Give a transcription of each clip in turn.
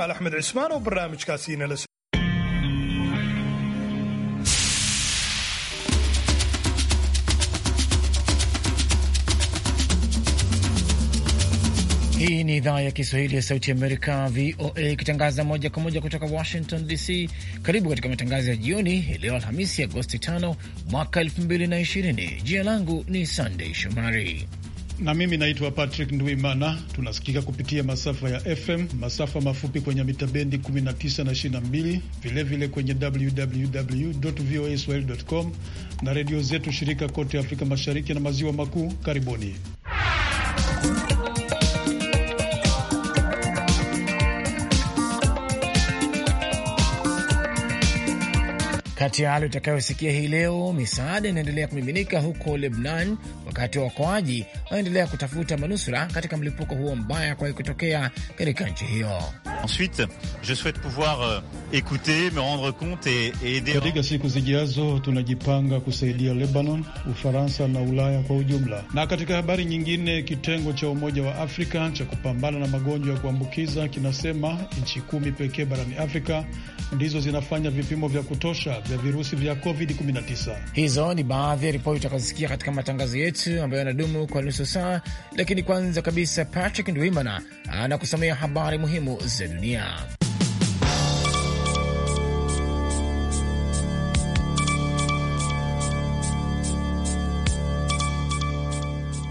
احمد عثمان Usmanov, كاسينا لس... Hii ni idhaa ya Kiswahili ya Sauti Amerika, VOA, ikitangaza moja kwa moja kutoka Washington DC. Karibu katika matangazo ya jioni leo Alhamisi, Agosti 5 mwaka 2020. Jina langu ni sandey Shomari na mimi naitwa Patrick Ndwimana. Tunasikika kupitia masafa ya FM, masafa mafupi kwenye mitabendi 19 na 22, vilevile kwenye www voa swahili com na redio zetu shirika kote Afrika Mashariki na Maziwa Makuu. Karibuni. Kati ya hali utakayosikia hii leo, misaada inaendelea kumiminika huko Lebnan wakati wa wakoaji waendelea kutafuta manusura katika mlipuko huo mbaya kwa kutokea katika nchi hiyo. Ensuite, je souhaite pouvoir euh, écouter, me rendre compte et aider. Katika siku zijazo tunajipanga kusaidia Lebanon, Ufaransa na Ulaya kwa ujumla. Na katika habari nyingine, kitengo cha Umoja wa Afrika cha kupambana na magonjwa ya kuambukiza kinasema nchi kumi pekee barani Afrika ndizo zinafanya vipimo vya kutosha vya virusi vya COVID-19. Hizo ni baadhi ya ripoti utakazosikia katika matangazo yetu yetu ambayo anadumu kwa nusu saa, lakini kwanza kabisa Patrick Ndwimana anakusomea habari muhimu za dunia.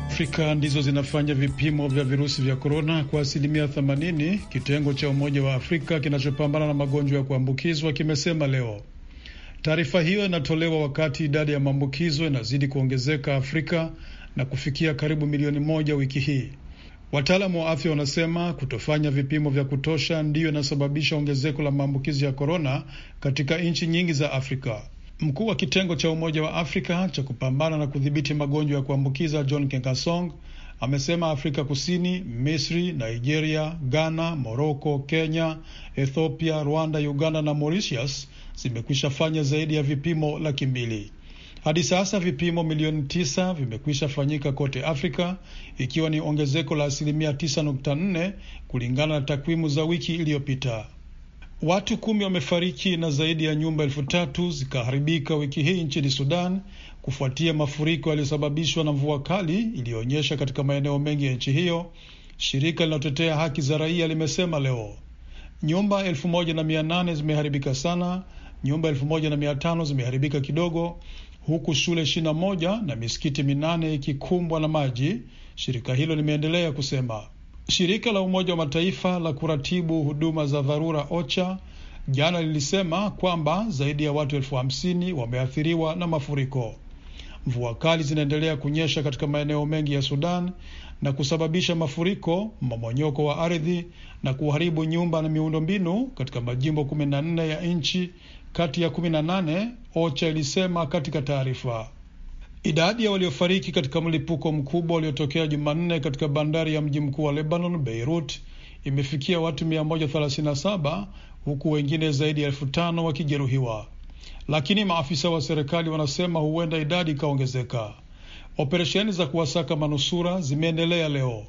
Afrika ndizo zinafanya vipimo vya virusi vya korona kwa asilimia 80, kitengo cha Umoja wa Afrika kinachopambana na magonjwa ya kuambukizwa kimesema leo. Taarifa hiyo inatolewa wakati idadi ya maambukizo inazidi kuongezeka Afrika na kufikia karibu milioni moja wiki hii. Wataalamu wa afya wanasema kutofanya vipimo vya kutosha ndiyo inasababisha ongezeko la maambukizi ya korona katika nchi nyingi za Afrika. Mkuu wa kitengo cha Umoja wa Afrika cha kupambana na kudhibiti magonjwa ya kuambukiza John Kengasong amesema Afrika Kusini, Misri, Nigeria, Ghana, Moroko, Kenya, Ethiopia, Rwanda, Uganda na Mauritius zimekwisha fanya zaidi ya vipimo laki mbili. Hadi sasa vipimo milioni tisa vimekwisha fanyika kote Afrika, ikiwa ni ongezeko la asilimia tisa nukta nne kulingana na takwimu za wiki iliyopita. Watu kumi wamefariki na zaidi ya nyumba elfu tatu zikaharibika wiki hii nchini Sudan kufuatia mafuriko yaliyosababishwa na mvua kali iliyoonyesha katika maeneo mengi ya nchi hiyo. Shirika linalotetea haki za raia limesema leo nyumba elfu moja na mia nane zimeharibika sana nyumba elfu moja na mia tano zimeharibika kidogo, huku shule ishirini na moja na misikiti minane ikikumbwa na maji, shirika hilo limeendelea kusema. Shirika la Umoja wa Mataifa la kuratibu huduma za dharura OCHA jana lilisema kwamba zaidi ya watu elfu hamsini wameathiriwa na mafuriko. Mvua kali zinaendelea kunyesha katika maeneo mengi ya Sudan na kusababisha mafuriko, mmomonyoko wa ardhi na kuharibu nyumba na miundombinu katika majimbo kumi na nne ya nchi kati ya 18, OCHA ilisema katika taarifa. Idadi ya waliofariki katika mlipuko mkubwa uliotokea Jumanne katika bandari ya mji mkuu wa Lebanon, Beirut, imefikia watu 137 huku wengine zaidi ya elfu tano wakijeruhiwa, lakini maafisa wa serikali wanasema huenda idadi ikaongezeka. Operesheni za kuwasaka manusura zimeendelea leo.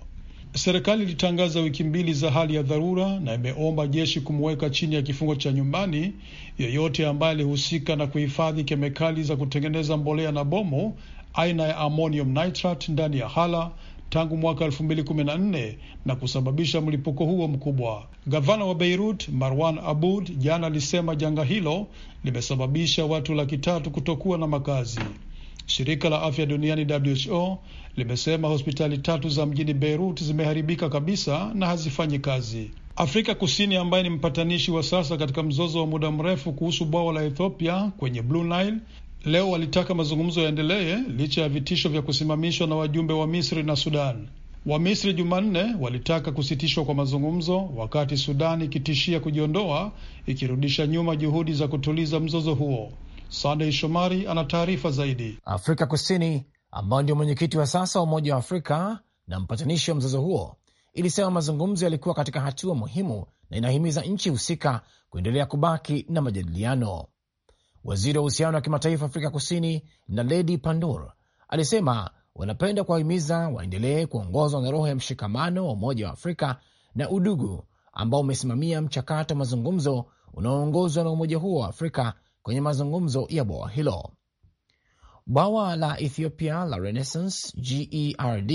Serikali ilitangaza wiki mbili za hali ya dharura na imeomba jeshi kumweka chini ya kifungo cha nyumbani yeyote ambaye alihusika na kuhifadhi kemikali za kutengeneza mbolea na bomu aina ya ammonium nitrate ndani ya hala tangu mwaka 2014 na kusababisha mlipuko huo mkubwa. Gavana wa Beirut Marwan Abud jana alisema janga hilo limesababisha watu laki tatu kutokuwa na makazi. Shirika la afya duniani WHO limesema hospitali tatu za mjini Beirut zimeharibika kabisa na hazifanyi kazi. Afrika Kusini ambaye ni mpatanishi wa sasa katika mzozo wa muda mrefu kuhusu bwawa la Ethiopia kwenye Blue Nile leo walitaka mazungumzo yaendelee licha ya vitisho vya kusimamishwa na wajumbe wa Misri na Sudan. Wamisri Jumanne walitaka kusitishwa kwa mazungumzo wakati Sudan ikitishia kujiondoa, ikirudisha nyuma juhudi za kutuliza mzozo huo. Sandey Shomari ana taarifa zaidi. Afrika Kusini ambao ndio mwenyekiti wa sasa wa Umoja wa Afrika na mpatanishi wa mzozo huo ilisema mazungumzo yalikuwa katika hatua muhimu na inahimiza nchi husika kuendelea kubaki na majadiliano. Waziri wa uhusiano wa kimataifa Afrika Kusini Naledi Pandor alisema wanapenda kuwahimiza waendelee kuongozwa na roho ya mshikamano wa Umoja wa Afrika na udugu ambao umesimamia mchakato wa mazungumzo unaoongozwa na umoja huo wa Afrika kwenye mazungumzo ya bwawa hilo. Bwawa la Ethiopia la Renaissance GERD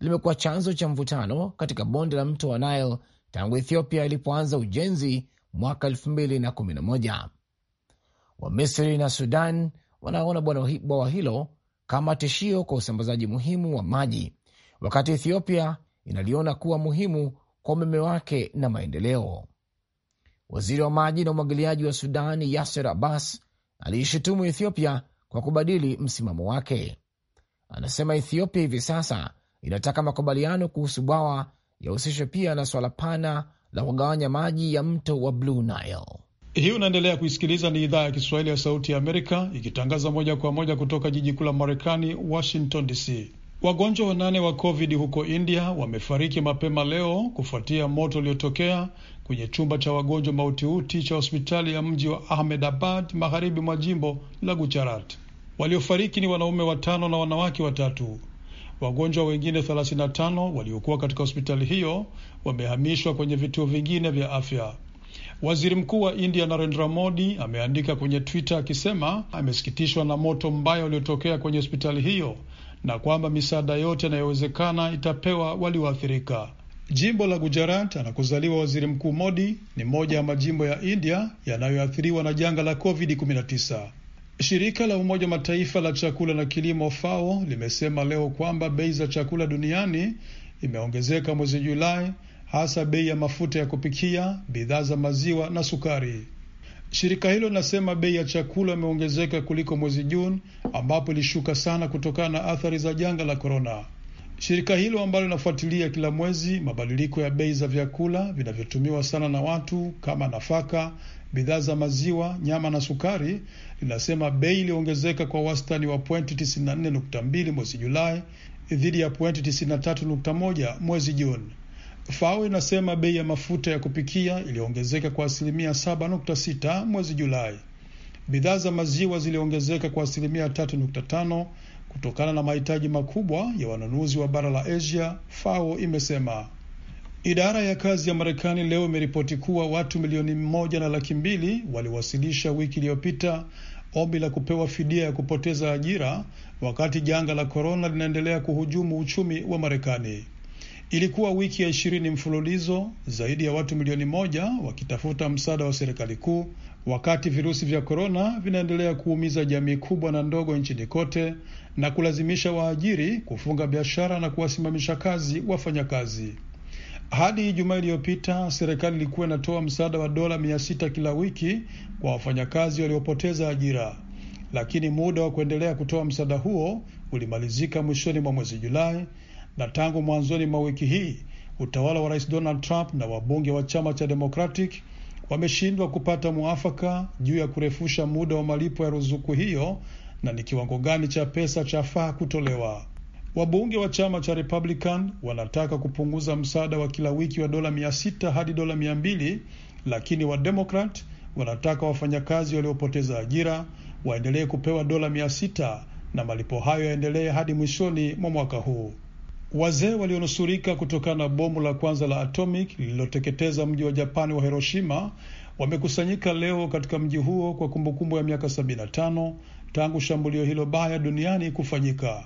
limekuwa chanzo cha mvutano katika bonde la mto wa Nile tangu Ethiopia ilipoanza ujenzi mwaka 2011. Wamisri na Sudan wanaona bwawa hilo kama tishio kwa usambazaji muhimu wa maji, wakati Ethiopia inaliona kuwa muhimu kwa umeme wake na maendeleo. Waziri wa maji na umwagiliaji wa Sudan Yasser Abbas aliishutumu Ethiopia kwa kubadili msimamo wake. Anasema Ethiopia hivi sasa inataka makubaliano kuhusu bwawa yahusishwe pia na swala pana la kugawanya maji ya mto wa Blue Nile. Hii unaendelea kuisikiliza, ni idhaa ya Kiswahili ya Sauti ya Amerika ikitangaza moja kwa moja kutoka jiji kuu la Marekani, Washington DC. Wagonjwa wanane wa COVID huko India wamefariki mapema leo kufuatia moto uliotokea kwenye chumba cha wagonjwa mautiuti cha hospitali ya mji wa Ahmedabad magharibi mwa jimbo la Gujarat. Waliofariki ni wanaume watano na wanawake watatu. Wagonjwa wengine 35 waliokuwa katika hospitali hiyo wamehamishwa kwenye vituo vingine vya afya. Waziri Mkuu wa India Narendra Modi ameandika kwenye Twitter akisema amesikitishwa na moto mbaya uliotokea kwenye hospitali hiyo na kwamba misaada yote inayowezekana itapewa walioathirika. Jimbo la Gujarat anakozaliwa waziri mkuu Modi ni moja ya majimbo ya India yanayoathiriwa na janga la COVID-19. Shirika la Umoja Mataifa la chakula na kilimo FAO limesema leo kwamba bei za chakula duniani imeongezeka mwezi Julai, hasa bei ya mafuta ya kupikia, bidhaa za maziwa na sukari. Shirika hilo linasema bei ya chakula imeongezeka kuliko mwezi Juni ambapo ilishuka sana kutokana na athari za janga la korona. Shirika hilo ambalo linafuatilia kila mwezi mabadiliko ya bei za vyakula vinavyotumiwa sana na watu kama nafaka, bidhaa za maziwa, nyama na sukari, linasema bei iliongezeka kwa wastani wa pointi 94.2 mwezi Julai dhidi ya pointi 93.1 mwezi Juni. FAO inasema bei ya mafuta ya kupikia iliongezeka kwa asilimia 7.6 mwezi Julai. Bidhaa za maziwa ziliongezeka kwa asilimia 3.5 kutokana na mahitaji makubwa ya wanunuzi wa bara la Asia, FAO imesema. Idara ya kazi ya Marekani leo imeripoti kuwa watu milioni moja na laki mbili waliwasilisha wiki iliyopita ombi la kupewa fidia ya kupoteza ajira wakati janga la korona linaendelea kuhujumu uchumi wa Marekani. Ilikuwa wiki ya ishirini mfululizo zaidi ya watu milioni moja wakitafuta msaada wa serikali kuu, wakati virusi vya korona vinaendelea kuumiza jamii kubwa na ndogo nchini kote, na kulazimisha waajiri kufunga biashara na kuwasimamisha kazi wafanyakazi. Hadi Ijumaa iliyopita serikali ilikuwa inatoa msaada wa dola mia sita kila wiki kwa wafanyakazi waliopoteza ajira, lakini muda wa kuendelea kutoa msaada huo ulimalizika mwishoni mwa mwezi Julai, na tangu mwanzoni mwa wiki hii utawala wa rais Donald Trump na wabunge wa chama cha Democratic wameshindwa kupata mwafaka juu ya kurefusha muda wa malipo ya ruzuku hiyo na ni kiwango gani cha pesa faa kutolewa. Wabunge wa chama cha Republican wanataka kupunguza msaada wa kila wiki wa dola mia sita hadi dola mia mbili lakini Wademokrat wanataka wafanyakazi waliopoteza ajira waendelee kupewa dola mia sita na malipo hayo yaendelee hadi mwishoni mwa mwaka huu. Wazee walionusurika kutokana na bomu la kwanza la atomic lililoteketeza mji wa Japani wa Hiroshima wamekusanyika leo katika mji huo kwa kumbukumbu ya miaka 75 tangu shambulio hilo baya duniani kufanyika.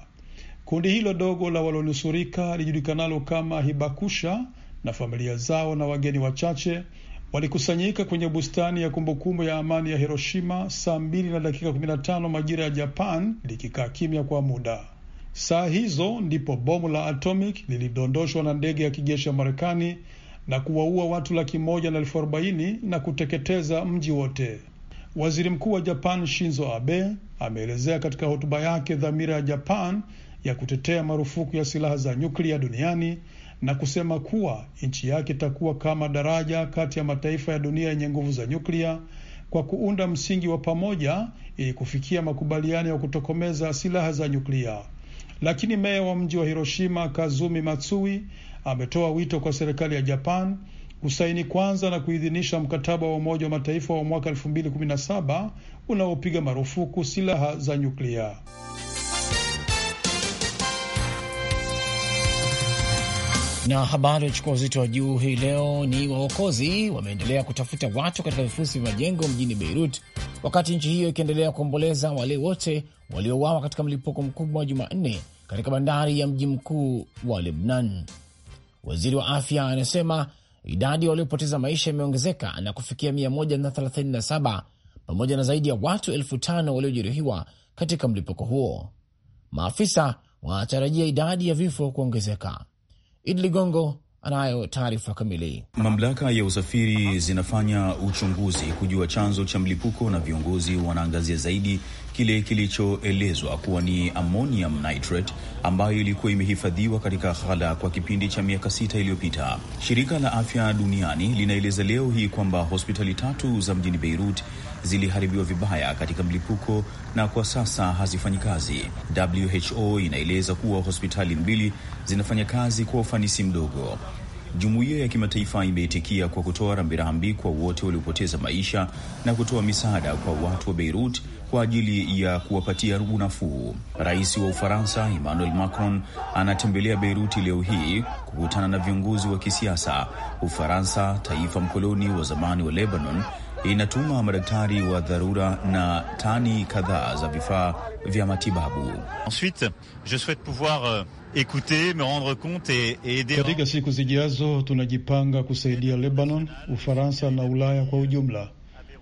Kundi hilo dogo la walionusurika lijulikanalo kama Hibakusha na familia zao na wageni wachache walikusanyika kwenye bustani ya kumbukumbu ya amani ya Hiroshima saa mbili na dakika 15 majira ya Japan, likikaa kimya kwa muda. Saa hizo ndipo bomu la atomic lilidondoshwa na ndege ya kijeshi ya Marekani na kuwaua watu laki moja na elfu arobaini na kuteketeza mji wote. Waziri Mkuu wa Japan Shinzo Abe ameelezea katika hotuba yake dhamira ya Japan ya kutetea marufuku ya silaha za nyuklia duniani na kusema kuwa nchi yake itakuwa kama daraja kati ya mataifa ya dunia yenye nguvu za nyuklia kwa kuunda msingi wa pamoja ili kufikia makubaliano ya kutokomeza silaha za nyuklia. Lakini meya wa mji wa Hiroshima Kazumi Matsui ametoa wito kwa serikali ya Japan kusaini kwanza na kuidhinisha mkataba wa Umoja wa Mataifa wa mwaka 2017 unaopiga marufuku silaha za nyuklia. Na habari uchukua uzito wa juu hii leo ni waokozi wameendelea kutafuta watu katika vifusi vya majengo mjini Beirut, wakati nchi hiyo ikiendelea kuomboleza wale wote waliouawa katika mlipuko mkubwa wa Jumanne katika bandari ya mji mkuu wa Lebnan. Waziri wa afya anasema idadi waliopoteza maisha imeongezeka na kufikia 137 pamoja na zaidi ya watu elfu tano waliojeruhiwa katika mlipuko huo. Maafisa wanatarajia idadi ya vifo kuongezeka. Idi Ligongo anayo taarifa kamili. Mamlaka ya usafiri zinafanya uchunguzi kujua chanzo cha mlipuko na viongozi wanaangazia zaidi kile kilichoelezwa kuwa ni ammonium nitrate ambayo ilikuwa imehifadhiwa katika ghala kwa kipindi cha miaka sita iliyopita. Shirika la Afya Duniani linaeleza leo hii kwamba hospitali tatu za mjini Beirut ziliharibiwa vibaya katika mlipuko na kwa sasa hazifanyi kazi. WHO inaeleza kuwa hospitali mbili zinafanya kazi kwa ufanisi mdogo. Jumuiya ya kimataifa imeitikia kwa kutoa rambirambi kwa wote waliopoteza maisha na kutoa misaada kwa watu wa Beirut kwa ajili ya kuwapatia unafuu. Rais wa Ufaransa Emmanuel Macron anatembelea Beiruti leo hii kukutana na viongozi wa kisiasa. Ufaransa, taifa mkoloni wa zamani wa Lebanon, inatuma madaktari wa dharura na tani kadhaa za vifaa vya matibabu. Ensuite, je souhaite pouvoir euh, écouter, me rendre compte et aider. Katika siku zijazo tunajipanga kusaidia Lebanon, Ufaransa na Ulaya kwa ujumla.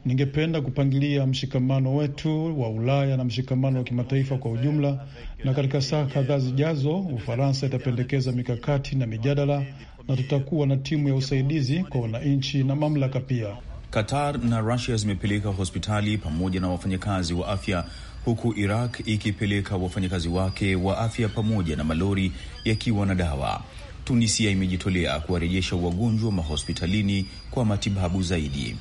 Ningependa kupangilia mshikamano wetu wa Ulaya na mshikamano wa kimataifa kwa ujumla, na katika saa kadhaa zijazo Ufaransa itapendekeza mikakati na mijadala, na tutakuwa na timu ya usaidizi kwa wananchi na mamlaka pia. Qatar na Rusia zimepeleka hospitali pamoja na wafanyakazi wa afya huku Iraq ikipeleka wafanyakazi wake wa afya pamoja na malori yakiwa na dawa. Tunisia imejitolea kuwarejesha wagonjwa mahospitalini kwa matibabu zaidi.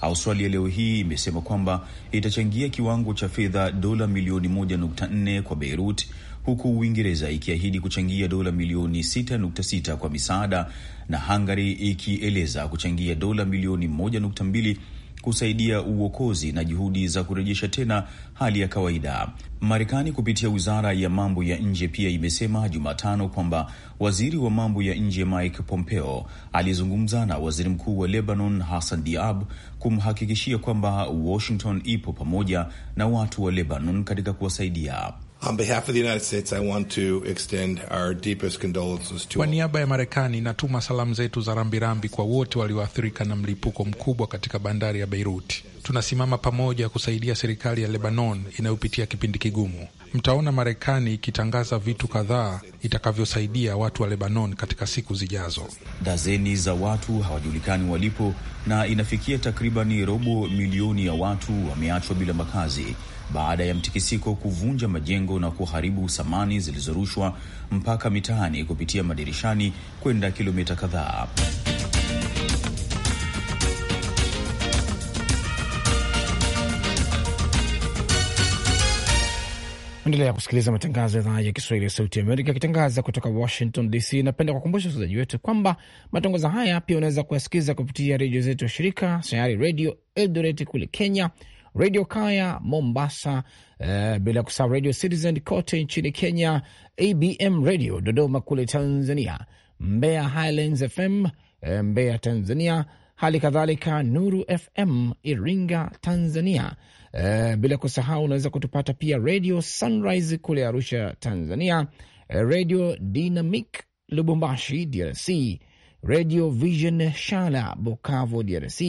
Australia leo hii imesema kwamba itachangia kiwango cha fedha dola milioni 1.4 kwa Beirut huku Uingereza ikiahidi kuchangia dola milioni 6.6 kwa misaada na Hungary ikieleza kuchangia dola milioni 1.2 kusaidia uokozi na juhudi za kurejesha tena hali ya kawaida. Marekani kupitia wizara ya mambo ya nje pia imesema Jumatano kwamba waziri wa mambo ya nje Mike Pompeo alizungumza na waziri mkuu wa Lebanon Hassan Diab kumhakikishia kwamba Washington ipo pamoja na watu wa Lebanon katika kuwasaidia. On behalf of the United States, I want to extend our deepest condolences to... Kwa niaba ya Marekani natuma salamu zetu za rambirambi kwa wote walioathirika na mlipuko mkubwa katika bandari ya Beirut. Tunasimama pamoja kusaidia serikali ya Lebanon inayopitia kipindi kigumu. Mtaona Marekani ikitangaza vitu kadhaa itakavyosaidia watu wa Lebanon katika siku zijazo. Dazeni za watu hawajulikani walipo na inafikia takribani robo milioni ya watu wameachwa bila makazi baada ya mtikisiko kuvunja majengo na kuharibu samani zilizorushwa mpaka mitaani kupitia madirishani kwenda kilomita kadhaa. Endelea kusikiliza matangazo ya idhaa ya Kiswahili ya Sauti Amerika akitangaza kutoka Washington DC. Napenda kukumbusha wasikilizaji wetu kwamba matangazo haya pia unaweza kuyasikiliza kupitia redio zetu ya shirika Sayari Redio Eldoret kule Kenya, Redio Kaya Mombasa, uh, bila kusahau Radio Citizen kote nchini Kenya, ABM Radio Dodoma kule Tanzania, Mbeya Highlands FM uh, eh, Mbeya Tanzania, hali kadhalika Nuru FM Iringa Tanzania. Uh, bila kusahau unaweza kutupata pia Radio Sunrise kule Arusha Tanzania, uh, Radio Dynamic Lubumbashi DRC, Radio Vision Shala Bukavu DRC,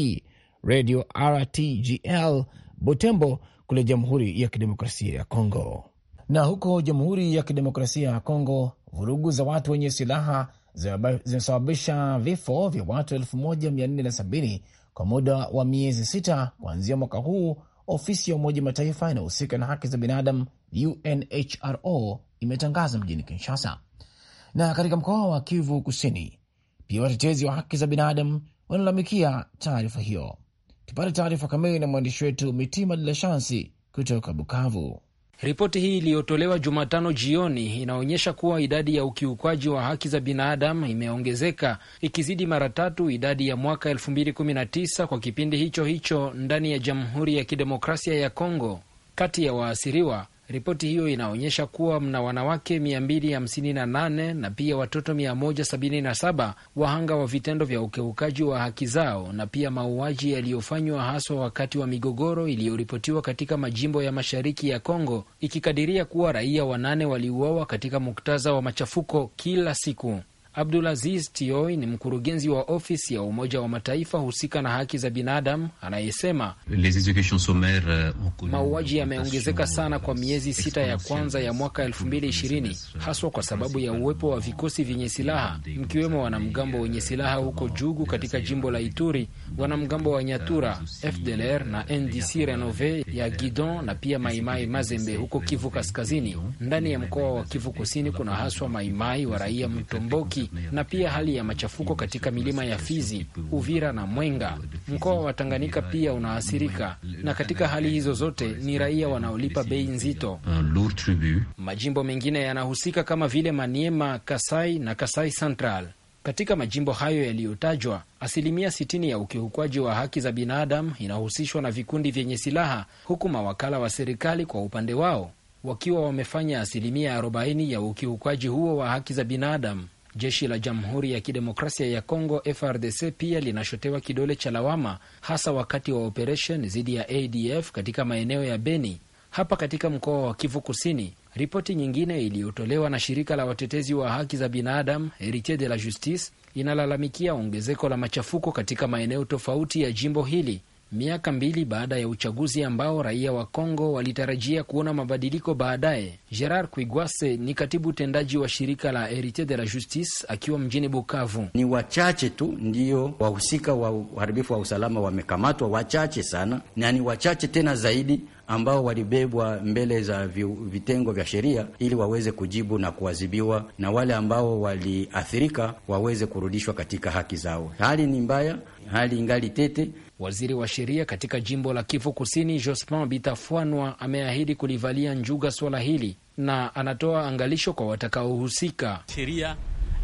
Radio RTGL Butembo kule Jamhuri ya Kidemokrasia ya Kongo. Na huko Jamhuri ya Kidemokrasia ya Kongo, vurugu za watu wenye silaha zimesababisha vifo vya watu 1470 kwa muda wa miezi sita kuanzia mwaka huu. Ofisi ya Umoja Mataifa inayohusika na haki za binadamu UNHRO imetangaza mjini Kinshasa. Na katika mkoa wa Kivu Kusini pia watetezi wa haki za binadamu wanalalamikia taarifa hiyo. Tupate taarifa kamili na mwandishi wetu Mitima De La Shansi kutoka Bukavu. Ripoti hii iliyotolewa Jumatano jioni inaonyesha kuwa idadi ya ukiukwaji wa haki za binadamu imeongezeka ikizidi mara tatu idadi ya mwaka 2019 kwa kipindi hicho hicho ndani ya Jamhuri ya Kidemokrasia ya Kongo. Kati ya waasiriwa Ripoti hiyo inaonyesha kuwa mna wanawake 258 na pia watoto 177 wahanga wa vitendo vya ukiukaji wa haki zao na pia mauaji yaliyofanywa haswa wakati wa migogoro iliyoripotiwa katika majimbo ya mashariki ya Kongo, ikikadiria kuwa raia wanane waliuawa katika muktaza wa machafuko kila siku. Abdulaziz Tioi ni mkurugenzi wa ofisi ya Umoja wa Mataifa husika na haki za binadamu anayesema euh, mauaji yameongezeka sana kwa euh, miezi sita ya kwanza ya mwaka 220 haswa kwa sababu ya uwepo wa vikosi vyenye silaha mkiwemo wanamgambo wenye silaha euh, huko Jugu katika jimbo la Ituri, wanamgambo wa Nyatura FDLR na NDC Renove ya Gidon na pia Maimai Mazembe huko Kivu Kaskazini. Ndani ya mkoa wa Kivu Kusini kuna haswa Maimai wa raia Mtomboki miti na pia hali ya machafuko katika milima ya Fizi, Uvira na Mwenga. Mkoa wa Tanganyika pia unaathirika, na katika hali hizo zote ni raia wanaolipa bei nzito. Majimbo mengine yanahusika kama vile Maniema, Kasai na Kasai Central. Katika majimbo hayo yaliyotajwa, asilimia 60 ya ukiukwaji wa haki za binadamu inahusishwa na vikundi vyenye silaha, huku mawakala wa serikali kwa upande wao wakiwa wamefanya asilimia 40 ya ukiukwaji huo wa haki za binadamu. Jeshi la Jamhuri ya Kidemokrasia ya Kongo FRDC pia linashotewa kidole cha lawama hasa wakati wa operesheni dhidi ya ADF katika maeneo ya Beni hapa katika mkoa wa Kivu Kusini. Ripoti nyingine iliyotolewa na shirika la watetezi wa haki za binadamu Heritier de la Justice inalalamikia ongezeko la machafuko katika maeneo tofauti ya jimbo hili miaka mbili baada ya uchaguzi ambao raia wa Kongo walitarajia kuona mabadiliko baadaye. Gerard Kuigwase ni katibu utendaji wa shirika la Herite de la Justice akiwa mjini Bukavu. Ni wachache tu ndio wahusika wa uharibifu wa usalama wamekamatwa, wachache sana, na ni wachache tena zaidi ambao walibebwa mbele za vitengo vya sheria ili waweze kujibu na kuadhibiwa, na wale ambao waliathirika waweze kurudishwa katika haki zao. Hali ni mbaya, hali ingali tete, Waziri wa sheria katika jimbo la Kivu Kusini, Jospin Bitafuanwa, ameahidi kulivalia njuga swala hili na anatoa angalisho kwa watakaohusika. Sheria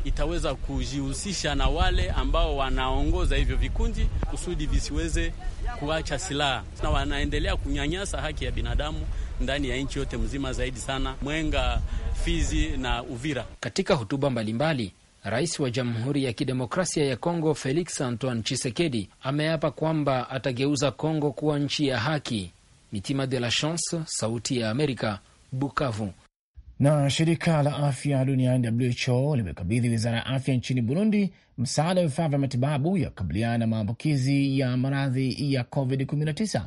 itaweza kujihusisha na wale ambao wanaongoza hivyo vikundi kusudi visiweze kuacha silaha na wanaendelea kunyanyasa haki ya binadamu ndani ya nchi yote mzima, zaidi sana Mwenga, Fizi na Uvira. Katika hotuba mbalimbali Rais wa Jamhuri ya Kidemokrasia ya Kongo Felix Antoine Chisekedi ameapa kwamba atageuza Kongo kuwa nchi ya haki. Mitima de la Chance, Sauti ya Amerika, Bukavu. Na shirika la afya duniani WHO limekabidhi wizara ya afya nchini Burundi msaada wa vifaa vya matibabu ya kukabiliana na maambukizi ya maradhi ya COVID-19.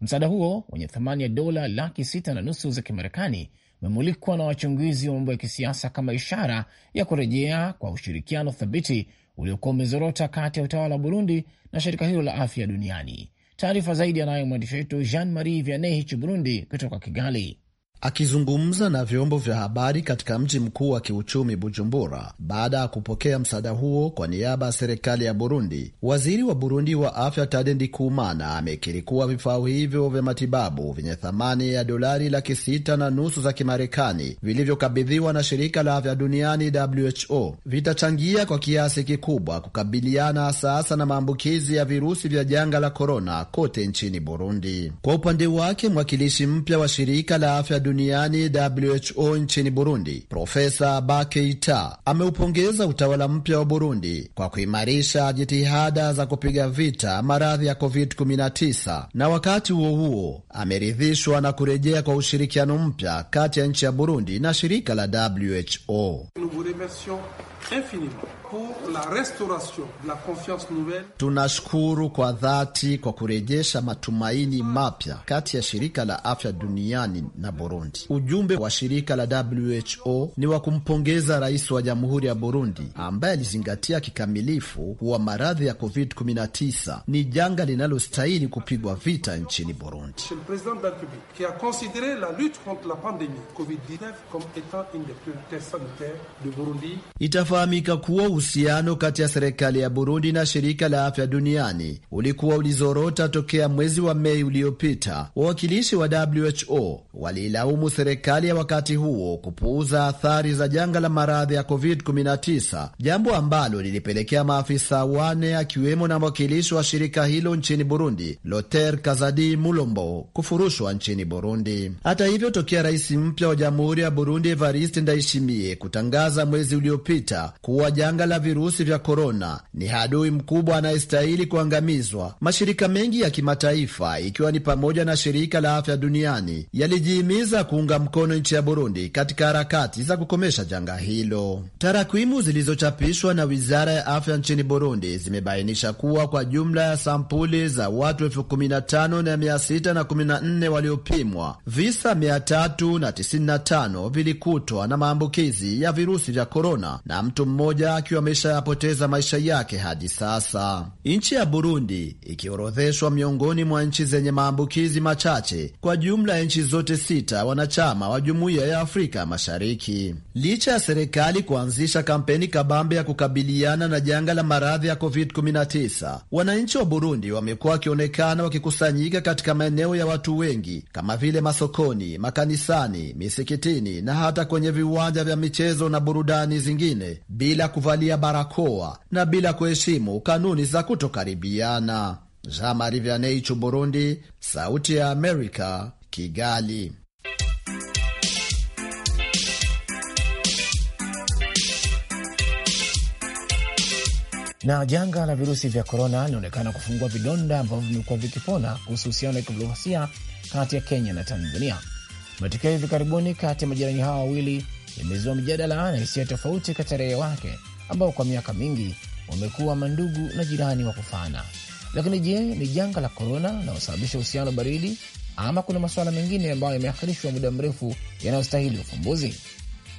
Msaada huo wenye thamani ya dola laki sita na nusu za Kimarekani imemulikwa na wachunguzi wa mambo ya kisiasa kama ishara ya kurejea kwa ushirikiano thabiti uliokuwa umezorota kati ya utawala wa Burundi na shirika hilo la afya duniani. Taarifa zaidi anayo mwandishi wetu Jean Marie Vianney Burundi kutoka Kigali. Akizungumza na vyombo vya habari katika mji mkuu wa kiuchumi Bujumbura, baada ya kupokea msaada huo kwa niaba ya serikali ya Burundi, waziri wa Burundi wa afya Tadendi Kuumana amekiri kuwa vifaa hivyo vya matibabu vyenye thamani ya dolari laki sita na nusu za Kimarekani vilivyokabidhiwa na shirika la afya duniani WHO vitachangia kwa kiasi kikubwa kukabiliana sasa na maambukizi ya virusi vya janga la korona kote nchini Burundi. Kwa upande wake mwakilishi mpya wa shirika la afya duniani WHO nchini Burundi, Profesa Bakeita ameupongeza utawala mpya wa Burundi kwa kuimarisha jitihada za kupiga vita maradhi ya COVID-19 na wakati huo huo ameridhishwa na kurejea kwa ushirikiano mpya kati ya nchi ya Burundi na shirika la WHO. Nous vous remercions infiniment. Tunashukuru kwa dhati kwa kurejesha matumaini mapya kati ya shirika la afya duniani na Burundi. Ujumbe wa shirika la WHO ni wa kumpongeza rais wa jamhuri ya Burundi ambaye alizingatia kikamilifu kuwa maradhi ya COVID-19 ni janga linalostahili kupigwa vita nchini Burundi. Itafahamika kuwa uhusiano kati ya serikali ya Burundi na shirika la afya duniani ulikuwa ulizorota tokea mwezi wa Mei uliopita. Wawakilishi wa WHO waliilaumu serikali ya wakati huo kupuuza athari za janga la maradhi ya COVID-19, jambo ambalo lilipelekea maafisa wane akiwemo na mwakilishi wa shirika hilo nchini Burundi, Loter Kazadi Mulombo, kufurushwa nchini Burundi. Hata hivyo, tokea rais mpya wa jamhuri ya Burundi Evariste Ndayishimiye kutangaza mwezi uliopita kuwa janga la virusi vya korona ni adui mkubwa anayestahili kuangamizwa. Mashirika mengi ya kimataifa ikiwa ni pamoja na shirika la afya duniani yalijihimiza kuunga mkono nchi ya Burundi katika harakati za kukomesha janga hilo. tarakwimu zilizochapishwa na wizara ya afya nchini Burundi zimebainisha kuwa kwa jumla ya sampuli za watu elfu kumi na tano na mia sita na kumi na nne waliopimwa, visa mia tatu na tisini na tano vilikutwa na maambukizi ya virusi vya korona na mtu mmoja akiwa hivyo maisha yake hadi sasa. Nchi ya Burundi ikiorodheshwa miongoni mwa nchi zenye maambukizi machache kwa jumla ya nchi zote sita wanachama wa Jumuiya ya Afrika Mashariki. Licha ya serikali kuanzisha kampeni kabambe ya kukabiliana na janga la maradhi ya COVID-19, wananchi wa Burundi wamekuwa wakionekana wakikusanyika katika maeneo ya watu wengi kama vile masokoni, makanisani, misikitini na hata kwenye viwanja vya michezo na burudani zingine bila kuvalia ya barakoa na bila kuheshimu kanuni za kutokaribiana. Jean-Marie Vianney, Burundi, Sauti ya Amerika, Kigali. Na janga la virusi vya korona linaonekana kufungua vidonda ambavyo vimekuwa vikipona kuhusu uhusiano wa kidiplomasia kati ya Kenya na Tanzania. Matokeo hivi karibuni kati ya majirani hawa wawili yamezua mjadala na hisia tofauti kati ya raia wake ambao kwa miaka mingi wamekuwa mandugu na jirani wa kufana. Lakini je, ni janga la korona linalosababisha uhusiano baridi ama kuna masuala mengine ambayo yameahirishwa muda mrefu yanayostahili ufumbuzi?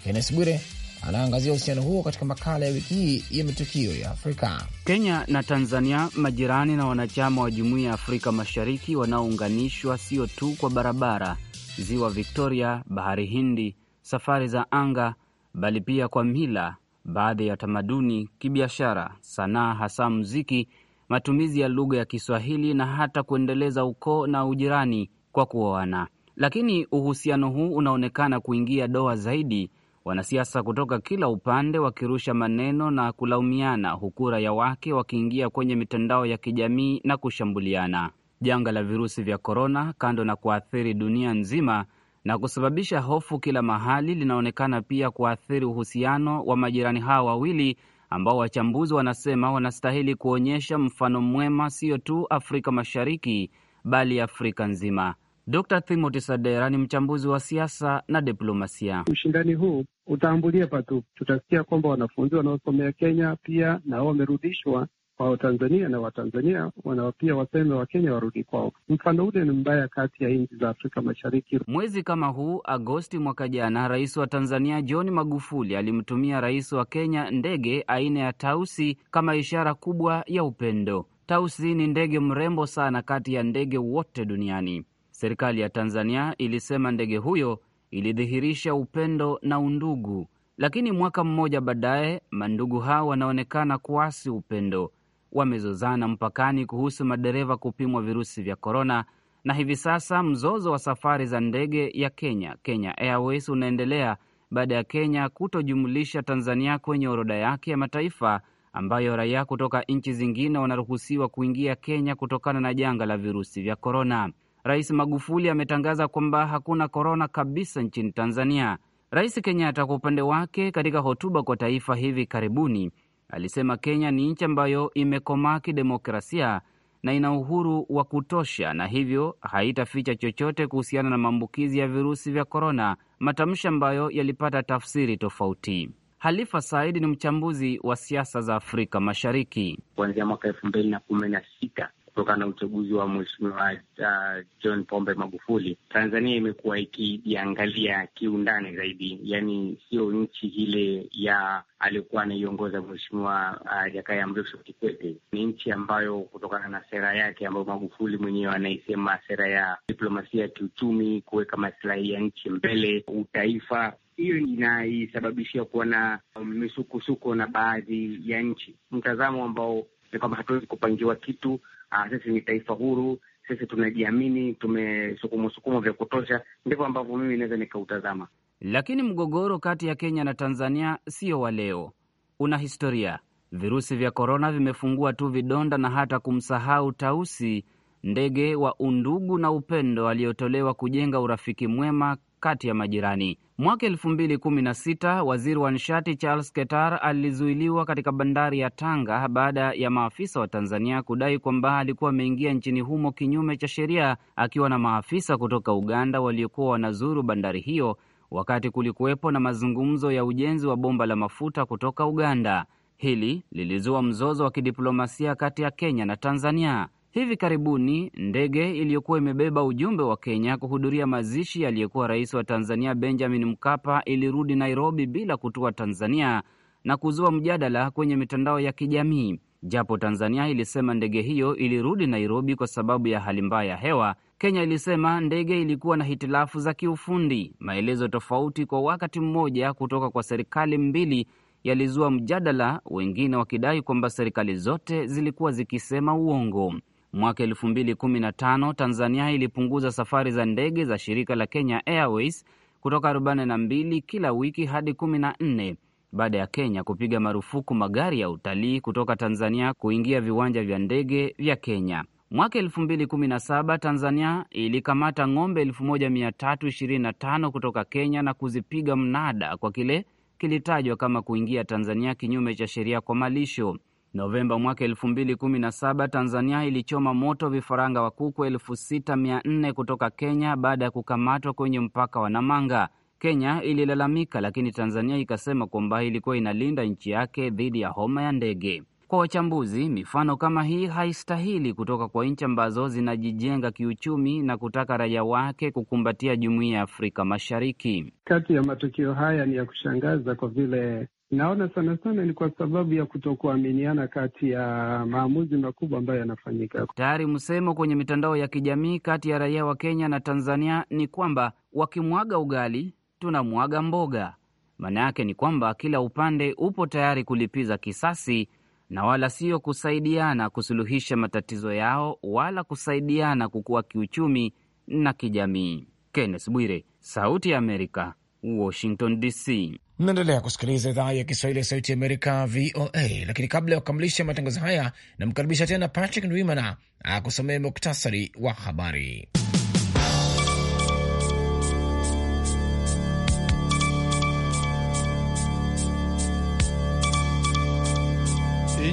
Kennes Bwire anaangazia uhusiano huo katika makala ya wiki hii ya matukio ya Afrika. Kenya na Tanzania, majirani na wanachama wa jumuiya ya Afrika Mashariki, wanaounganishwa sio tu kwa barabara, ziwa Victoria, bahari Hindi, safari za anga, bali pia kwa mila, baadhi ya tamaduni, kibiashara, sanaa, hasa muziki, matumizi ya lugha ya Kiswahili na hata kuendeleza ukoo na ujirani kwa kuoana. Lakini uhusiano huu unaonekana kuingia doa zaidi, wanasiasa kutoka kila upande wakirusha maneno na kulaumiana, huku raia wake wakiingia kwenye mitandao ya kijamii na kushambuliana. Janga la virusi vya korona, kando na kuathiri dunia nzima na kusababisha hofu kila mahali, linaonekana pia kuathiri uhusiano wa majirani hawa wawili ambao wachambuzi wanasema wanastahili kuonyesha mfano mwema, sio tu Afrika Mashariki bali Afrika nzima. Dr Timothy Sadera ni mchambuzi wa siasa na diplomasia. Ushindani huu utaambulia patu, tutasikia kwamba wanafunzi wanaosomea Kenya pia nao wamerudishwa kwa Watanzania na Watanzania pia waseme Wakenya warudi kwao. Mfano ule ni mbaya kati ya nchi za Afrika Mashariki. Mwezi kama huu Agosti mwaka jana, rais wa Tanzania John Magufuli alimtumia rais wa Kenya ndege aina ya tausi kama ishara kubwa ya upendo. Tausi ni ndege mrembo sana kati ya ndege wote duniani. Serikali ya Tanzania ilisema ndege huyo ilidhihirisha upendo na undugu, lakini mwaka mmoja baadaye mandugu hao wanaonekana kuasi upendo wamezozana mpakani kuhusu madereva kupimwa virusi vya korona, na hivi sasa mzozo wa safari za ndege ya Kenya, Kenya Airways, unaendelea baada ya Kenya kutojumulisha Tanzania kwenye orodha yake ya mataifa ambayo raia kutoka nchi zingine wanaruhusiwa kuingia Kenya kutokana na janga la virusi vya korona. Rais Magufuli ametangaza kwamba hakuna korona kabisa nchini Tanzania. Rais Kenyatta kwa upande wake, katika hotuba kwa taifa hivi karibuni, Alisema Kenya ni nchi ambayo imekomaa kidemokrasia na ina uhuru wa kutosha na hivyo haitaficha chochote kuhusiana na maambukizi ya virusi vya korona, matamshi ambayo yalipata tafsiri tofauti. Halifa Said ni mchambuzi wa siasa za Afrika Mashariki. Kuanzia mwaka elfu mbili na kumi na sita kutokana na uchaguzi wa mheshimiwa uh, John Pombe Magufuli, Tanzania imekuwa ikijiangalia kiundani zaidi, yaani sio nchi ile ya aliyokuwa anaiongoza mheshimiwa uh, Jakaya Mrisho Kikwete. Ni nchi ambayo kutokana na sera yake ambayo Magufuli mwenyewe anaisema sera ya diplomasia ya kiuchumi, kuweka masilahi ya nchi mbele, utaifa hiyo inaisababishia kuwa na um, misukosuko na baadhi ya nchi, mtazamo ambao ni kwamba hatuwezi kupangiwa kitu Aa, ah, sisi ni taifa huru, sisi tunajiamini, tumesukumasukumwa vya kutosha. Ndivyo ambavyo mimi naweza nikautazama. Lakini mgogoro kati ya Kenya na Tanzania sio wa leo, una historia. Virusi vya korona vimefungua tu vidonda na hata kumsahau Tausi, ndege wa undugu na upendo aliyotolewa kujenga urafiki mwema kati ya majirani. Mwaka elfu mbili kumi na sita waziri wa nishati Charles Ketar alizuiliwa katika bandari ya Tanga baada ya maafisa wa Tanzania kudai kwamba alikuwa ameingia nchini humo kinyume cha sheria akiwa na maafisa kutoka Uganda waliokuwa wanazuru bandari hiyo wakati kulikuwepo na mazungumzo ya ujenzi wa bomba la mafuta kutoka Uganda. Hili lilizua mzozo wa kidiplomasia kati ya Kenya na Tanzania. Hivi karibuni ndege iliyokuwa imebeba ujumbe wa Kenya kuhudhuria mazishi aliyekuwa rais wa Tanzania Benjamin Mkapa ilirudi Nairobi bila kutua Tanzania na kuzua mjadala kwenye mitandao ya kijamii. Japo Tanzania ilisema ndege hiyo ilirudi Nairobi kwa sababu ya hali mbaya ya hewa, Kenya ilisema ndege ilikuwa na hitilafu za kiufundi. Maelezo tofauti kwa wakati mmoja kutoka kwa serikali mbili yalizua mjadala, wengine wakidai kwamba serikali zote zilikuwa zikisema uongo. Mwaka 2015 Tanzania ilipunguza safari za ndege za shirika la Kenya Airways kutoka 42 kila wiki hadi 14 baada ya Kenya kupiga marufuku magari ya utalii kutoka Tanzania kuingia viwanja vya ndege vya Kenya. Mwaka 2017 Tanzania ilikamata ng'ombe 1325 kutoka Kenya na kuzipiga mnada kwa kile kilitajwa kama kuingia Tanzania kinyume cha sheria kwa malisho. Novemba mwaka 2017 Tanzania ilichoma moto vifaranga wa kuku 6400 kutoka Kenya baada ya kukamatwa kwenye mpaka wa Namanga. Kenya ililalamika, lakini Tanzania ikasema kwamba ilikuwa inalinda nchi yake dhidi ya homa ya ndege. Kwa wachambuzi, mifano kama hii haistahili kutoka kwa nchi ambazo zinajijenga kiuchumi na kutaka raia wake kukumbatia jumuiya ya Afrika Mashariki. Kati ya matukio haya ni ya kushangaza kwa vile Naona sana sana ni kwa sababu ya kutokuaminiana kati ya maamuzi makubwa ambayo yanafanyika. Tayari msemo kwenye mitandao ya kijamii kati ya raia wa Kenya na Tanzania ni kwamba wakimwaga ugali tunamwaga mboga. Maana yake ni kwamba kila upande upo tayari kulipiza kisasi na wala sio kusaidiana kusuluhisha matatizo yao wala kusaidiana kukua kiuchumi na kijamii. Kenneth Bwire, Sauti ya Amerika, Washington DC. Mnaendelea kusikiliza idhaa ya Kiswahili ya Sauti Amerika, VOA. Lakini kabla ya kukamilisha matangazo haya, namkaribisha tena Patrick Ndwimana akusomea muktasari wa habari.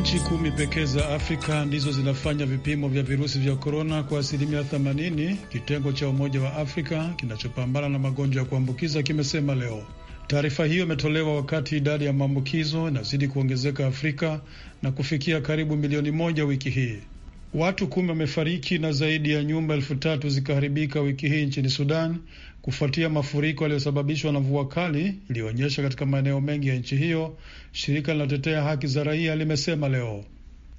Nchi kumi pekee za Afrika ndizo zinafanya vipimo vya virusi vya korona kwa asilimia 80, kitengo cha Umoja wa Afrika kinachopambana na magonjwa ya kuambukiza kimesema leo. Taarifa hiyo imetolewa wakati idadi ya maambukizo inazidi kuongezeka Afrika na kufikia karibu milioni moja wiki hii. Watu kumi wamefariki na zaidi ya nyumba elfu tatu zikaharibika wiki hii nchini Sudan kufuatia mafuriko yaliyosababishwa na mvua kali iliyoonyesha katika maeneo mengi ya nchi hiyo, shirika linalotetea haki za raia limesema leo.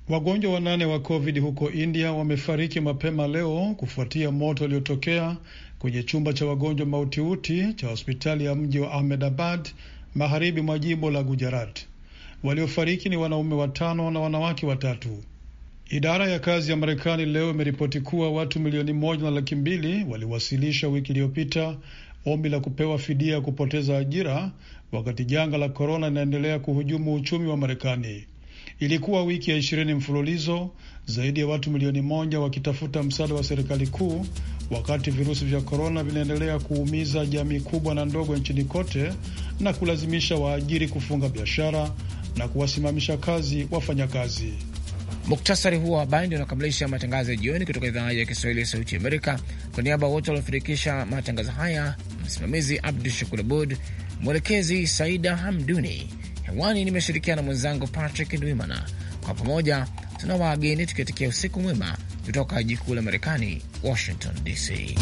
Wagonjwa wanane wa COVID huko India wamefariki mapema leo kufuatia moto uliotokea kwenye chumba cha wagonjwa mautiuti cha hospitali ya mji wa Ahmedabad magharibi mwa jimbo la Gujarat. Waliofariki ni wanaume watano na wanawake watatu. Idara ya kazi ya Marekani leo imeripoti kuwa watu milioni moja na laki mbili waliwasilisha wiki iliyopita ombi la kupewa fidia ya kupoteza ajira wakati janga la korona linaendelea kuhujumu uchumi wa Marekani. Ilikuwa wiki ya ishirini mfululizo zaidi ya watu milioni moja wakitafuta msaada wa serikali kuu, wakati virusi vya korona vinaendelea kuumiza jamii kubwa na ndogo nchini kote na kulazimisha waajiri kufunga biashara na kuwasimamisha kazi wafanyakazi. Muktasari huo wa habari ndio unakamilisha matangazo ya jioni kutoka idhaa ya Kiswahili ya Sauti Amerika. Kwa niaba ya wote waliofanikisha matangazo haya, msimamizi Abdu Shakur Abud, mwelekezi Saida Hamduni. Hewani nimeshirikiana mwenzangu Patrick Ndwimana. Kwa pamoja tuna waageni tukiatikia usiku mwema kutoka jikuu la Marekani, Washington DC.